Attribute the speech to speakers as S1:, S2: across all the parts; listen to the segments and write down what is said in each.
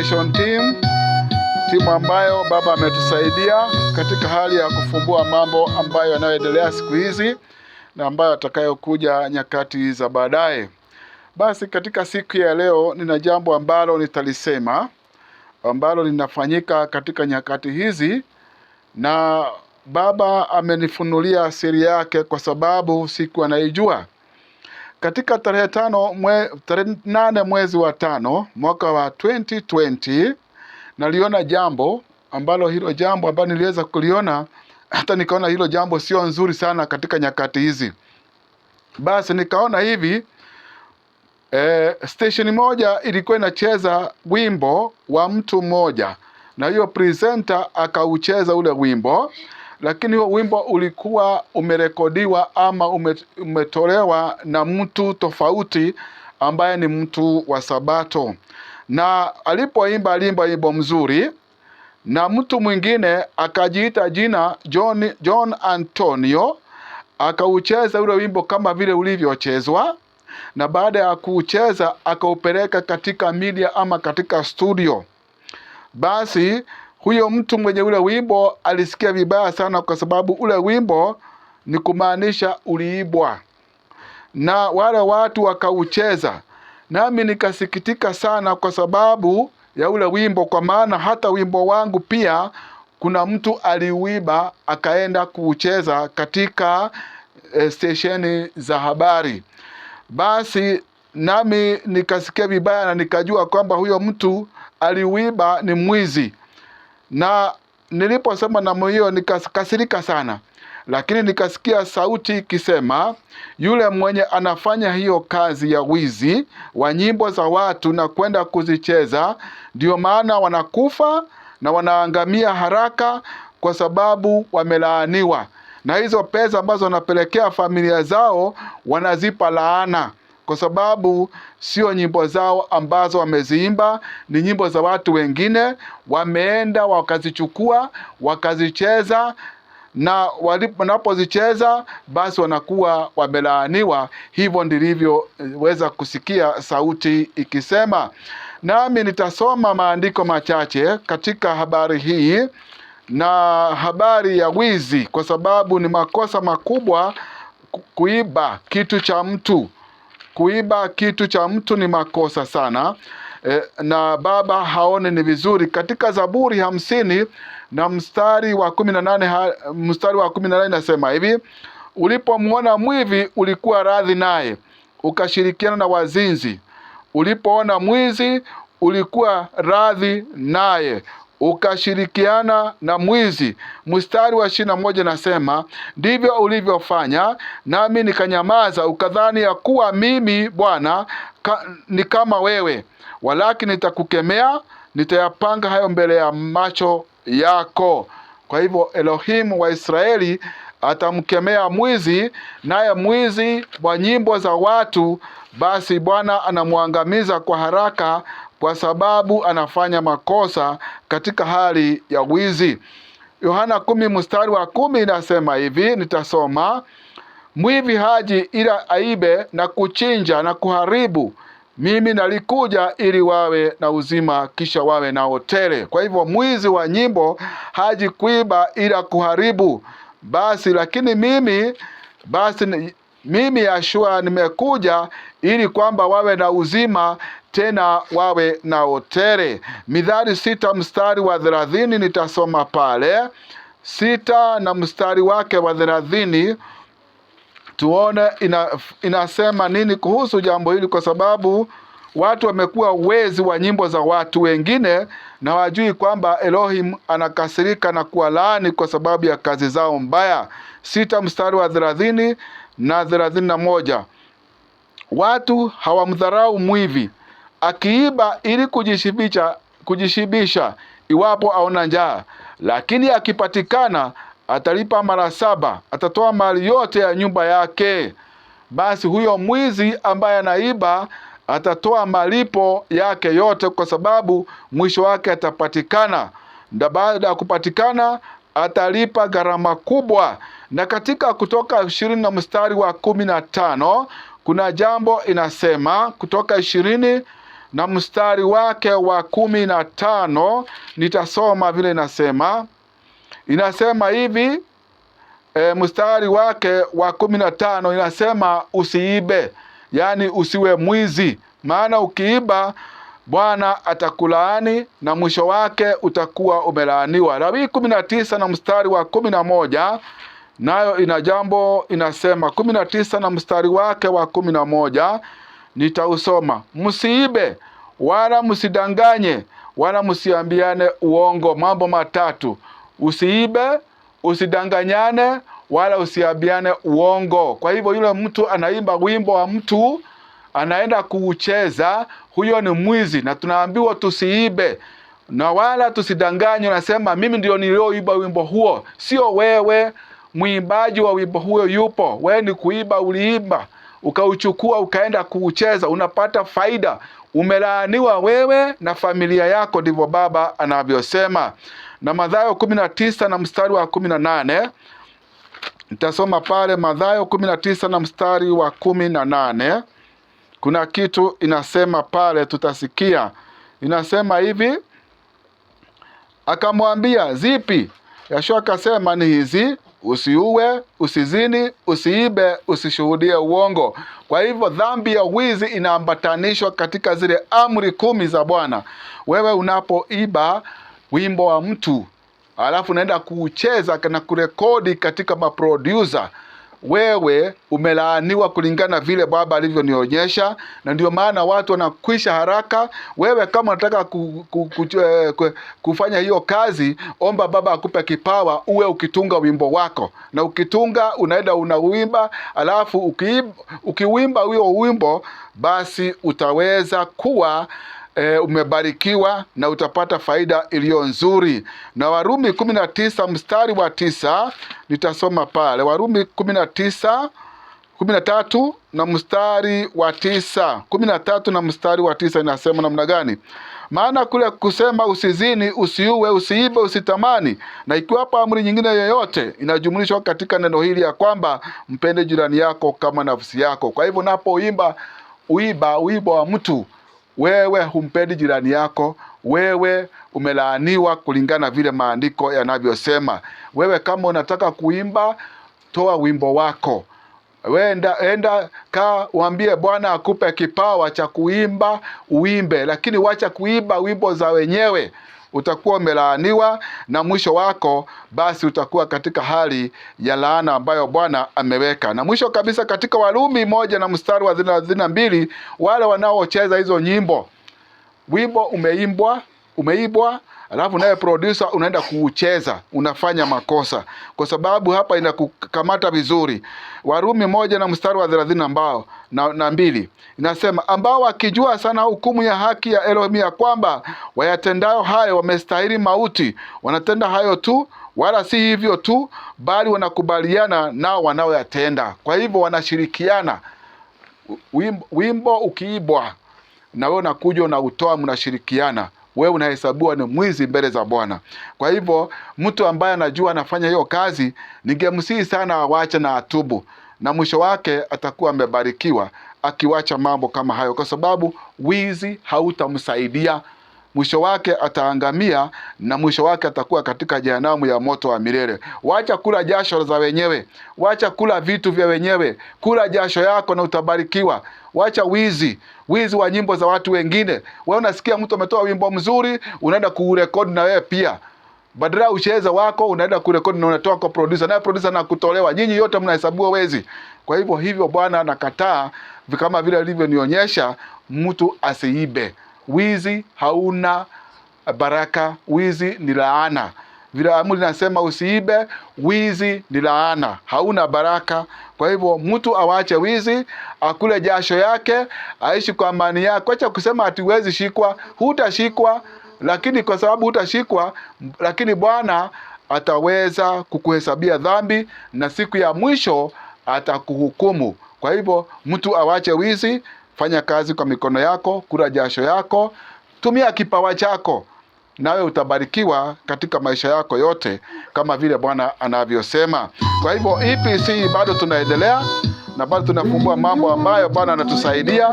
S1: Foundation Team, timu ambayo baba ametusaidia katika hali ya kufumbua mambo ambayo yanayoendelea siku hizi na ambayo atakayokuja nyakati za baadaye. Basi katika siku ya leo nina jambo ambalo nitalisema ambalo linafanyika katika nyakati hizi, na baba amenifunulia siri yake kwa sababu siku anaijua katika tarehe tano mwe, tarehe nane mwezi wa tano mwaka wa 2020 naliona jambo ambalo hilo jambo ambalo niliweza kuliona hata nikaona hilo jambo sio nzuri sana katika nyakati hizi. Basi nikaona hivi e, station moja ilikuwa inacheza wimbo wa mtu mmoja, na hiyo presenter akaucheza ule wimbo lakini huo wimbo ulikuwa umerekodiwa ama umetolewa na mtu tofauti ambaye ni mtu wa Sabato, na alipoimba alimba wimbo mzuri, na mtu mwingine akajiita jina John, John Antonio akaucheza ule wimbo kama vile ulivyochezwa, na baada ya kuucheza akaupeleka katika media ama katika studio basi huyo mtu mwenye ule wimbo alisikia vibaya sana, kwa sababu ule wimbo ni kumaanisha uliibwa na wale watu wakaucheza. Nami nikasikitika sana kwa sababu ya ule wimbo, kwa maana hata wimbo wangu pia kuna mtu aliuiba akaenda kuucheza katika e, stesheni za habari. Basi nami nikasikia vibaya na nikajua kwamba huyo mtu aliuiba ni mwizi na niliposema namu hiyo nikakasirika sana, lakini nikasikia sauti ikisema, yule mwenye anafanya hiyo kazi ya wizi wa nyimbo za watu na kwenda kuzicheza, ndio maana wanakufa na wanaangamia haraka, kwa sababu wamelaaniwa na hizo pesa ambazo wanapelekea familia zao wanazipa laana kwa sababu sio nyimbo zao ambazo wameziimba, ni nyimbo za watu wengine. Wameenda wakazichukua wakazicheza na wanapozicheza basi wanakuwa wamelaaniwa. Hivyo ndilivyoweza eh, kusikia sauti ikisema. Nami nitasoma maandiko machache katika habari hii na habari ya wizi, kwa sababu ni makosa makubwa kuiba kitu cha mtu kuiba kitu cha mtu ni makosa sana e, na baba haone ni vizuri. Katika Zaburi hamsini na mstari wa kumi na nane mstari wa kumi na nane nasema hivi ulipomwona mwivi ulikuwa radhi naye, ukashirikiana na wazinzi. Ulipoona mwizi ulikuwa radhi naye, ukashirikiana na mwizi. Mstari wa ishirini na moja nasema, ndivyo ulivyofanya nami nikanyamaza, ukadhani ya kuwa mimi Bwana ka, ni kama wewe, walakini nitakukemea, nitayapanga hayo mbele ya macho yako. Kwa hivyo Elohimu wa Israeli atamkemea mwizi, naye mwizi wa nyimbo za watu, basi Bwana anamwangamiza kwa haraka kwa sababu anafanya makosa katika hali ya wizi. Yohana kumi mstari wa kumi inasema hivi, nitasoma: mwivi haji ila aibe na kuchinja na kuharibu. Mimi nalikuja ili wawe na uzima, kisha wawe na tele. Kwa hivyo mwizi wa nyimbo haji kuiba ila kuharibu. Basi lakini mimi basi mimi Yashua nimekuja ili kwamba wawe na uzima tena wawe na otere Mithali sita mstari wa thelathini nitasoma pale sita na mstari wake wa thelathini tuone ina, inasema nini kuhusu jambo hili, kwa sababu watu wamekuwa wezi wa nyimbo za watu wengine na wajui kwamba Elohim anakasirika na kuwalaani kwa sababu ya kazi zao mbaya. Sita mstari wa thelathini na thelathini na moja watu hawamdharau mwivi akiiba ili kujishibisha, kujishibisha iwapo aona njaa, lakini akipatikana atalipa mara saba, atatoa mali yote ya nyumba yake. Basi huyo mwizi ambaye anaiba atatoa malipo yake yote, kwa sababu mwisho wake atapatikana, na baada ya kupatikana atalipa gharama kubwa. Na katika Kutoka ishirini na mstari wa kumi na tano kuna jambo inasema, Kutoka ishirini na mstari wake wa kumi na tano nitasoma vile inasema. Inasema hivi e, mstari wake wa kumi na tano inasema usiibe, yaani usiwe mwizi, maana ukiiba Bwana atakulaani na mwisho wake utakuwa umelaaniwa. Lawii kumi na tisa na mstari wa kumi na moja nayo ina jambo inasema, kumi na tisa na mstari wake wa kumi na moja nitausoma. Msiibe wala msidanganye wala msiambiane uongo. Mambo matatu: usiibe, usidanganyane wala usiambiane uongo. Kwa hivyo, yule mtu anaimba wimbo wa mtu anaenda kuucheza, huyo ni mwizi, na tunaambiwa tusiibe na wala tusidanganye Nasema mimi ndio nilioiba wimbo huo, sio wewe. Mwimbaji wa wimbo huo yupo, wewe ni kuiba uliimba ukauchukua ukaenda kuucheza, unapata faida. Umelaaniwa wewe na familia yako, ndivyo Baba anavyosema. Na Mathayo kumi na tisa na mstari wa kumi na nane nitasoma pale Mathayo kumi na tisa na mstari wa kumi na nane kuna kitu inasema pale, tutasikia inasema hivi, akamwambia zipi? Yashua akasema ni hizi usiue, usizini, usiibe, usishuhudie uongo. Kwa hivyo dhambi ya wizi inaambatanishwa katika zile amri kumi za Bwana. Wewe unapoiba wimbo wa mtu alafu unaenda kuucheza na kurekodi katika maproducer wewe umelaaniwa kulingana vile Baba alivyonionyesha, na ndio maana watu wanakwisha haraka. Wewe kama unataka ku, ku, ku, eh, ku, kufanya hiyo kazi, omba Baba akupe kipawa, uwe ukitunga wimbo wako, na ukitunga unaenda unauimba, alafu ukiwimba huyo wimbo, basi utaweza kuwa e, umebarikiwa na utapata faida iliyo nzuri. Na Warumi kumi na tisa mstari wa tisa nitasoma pale, Warumi kumi na tisa kumi na tatu na mstari wa tisa kumi na tatu na mstari wa tisa inasema namna gani? Maana kule kusema usizini, usiue, usiibe, usitamani na ikiwapo amri nyingine yoyote inajumlishwa katika neno hili ya kwamba mpende jirani yako kama nafsi yako. Kwa hivyo unapoimba uiba uibo wa mtu wewe humpendi jirani yako, wewe umelaaniwa kulingana vile maandiko yanavyosema. Wewe kama unataka kuimba, toa wimbo wako wenda enda ka waambie Bwana akupe kipawa cha kuimba uimbe, lakini wacha kuimba wimbo za wenyewe utakuwa umelaaniwa, na mwisho wako basi utakuwa katika hali ya laana ambayo Bwana ameweka. Na mwisho kabisa katika Warumi moja na mstari wa thelathini na mbili wale wanaocheza hizo nyimbo, wimbo umeimbwa umeibwa, alafu nawe producer unaenda kuucheza, unafanya makosa, kwa sababu hapa inakukamata vizuri. Warumi moja na mstari wa thelathini ambao na, na mbili inasema ambao wakijua sana hukumu ya haki ya Elohim ya kwamba wayatendayo hayo wamestahili mauti, wanatenda hayo tu wala si hivyo tu, bali wanakubaliana nao wanaoyatenda. Kwa hivyo wanashirikiana. Wimbo, wimbo ukiibwa na wewe unakuja unautoa, mnashirikiana wewe unahesabiwa ni mwizi mbele za Bwana. Kwa hivyo mtu ambaye anajua anafanya hiyo kazi, ningemsihi sana awache na atubu, na mwisho wake atakuwa amebarikiwa akiwacha mambo kama hayo, kwa sababu wizi hautamsaidia mwisho wake ataangamia na mwisho wake atakuwa katika jehanamu ya moto wa milele. Wacha kula jasho za wenyewe, wacha kula vitu vya wenyewe, kula jasho yako na utabarikiwa. Wacha wizi, wizi wa nyimbo za watu wengine. Wewe unasikia mtu ametoa wimbo mzuri, unaenda kurekodi na wewe pia badala ya ucheza wako unaenda kurekodi na unatoa kwa producer, naye producer na kutolewa, Nyinyi yote mnahesabiwa wezi. Kwa hivyo hivyo Bwana anakataa, kama vile alivyonionyesha, mtu asiibe. Wizi hauna baraka, wizi ni laana. Vile amri nasema usiibe, wizi ni laana, hauna baraka. Kwa hivyo mtu awache wizi, akule jasho yake, aishi kwa amani yake. Acha kusema ati huwezi shikwa, hutashikwa. Lakini kwa sababu hutashikwa, lakini Bwana ataweza kukuhesabia dhambi na siku ya mwisho atakuhukumu. Kwa hivyo mtu awache wizi fanya kazi kwa mikono yako, kula jasho yako, tumia kipawa chako, nawe utabarikiwa katika maisha yako yote, kama vile Bwana anavyosema. Kwa hivyo EPC bado tunaendelea na bado tunafungua mambo ambayo Bwana anatusaidia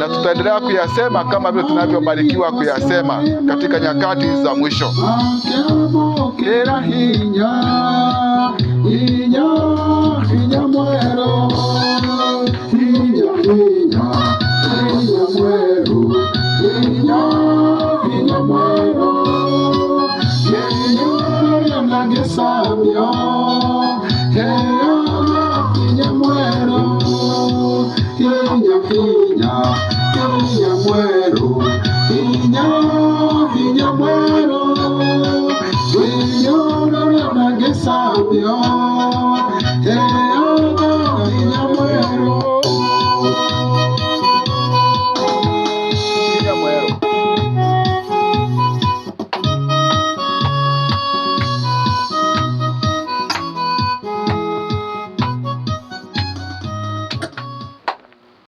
S1: na tutaendelea kuyasema kama vile tunavyobarikiwa kuyasema katika nyakati za mwisho. sabe, ó.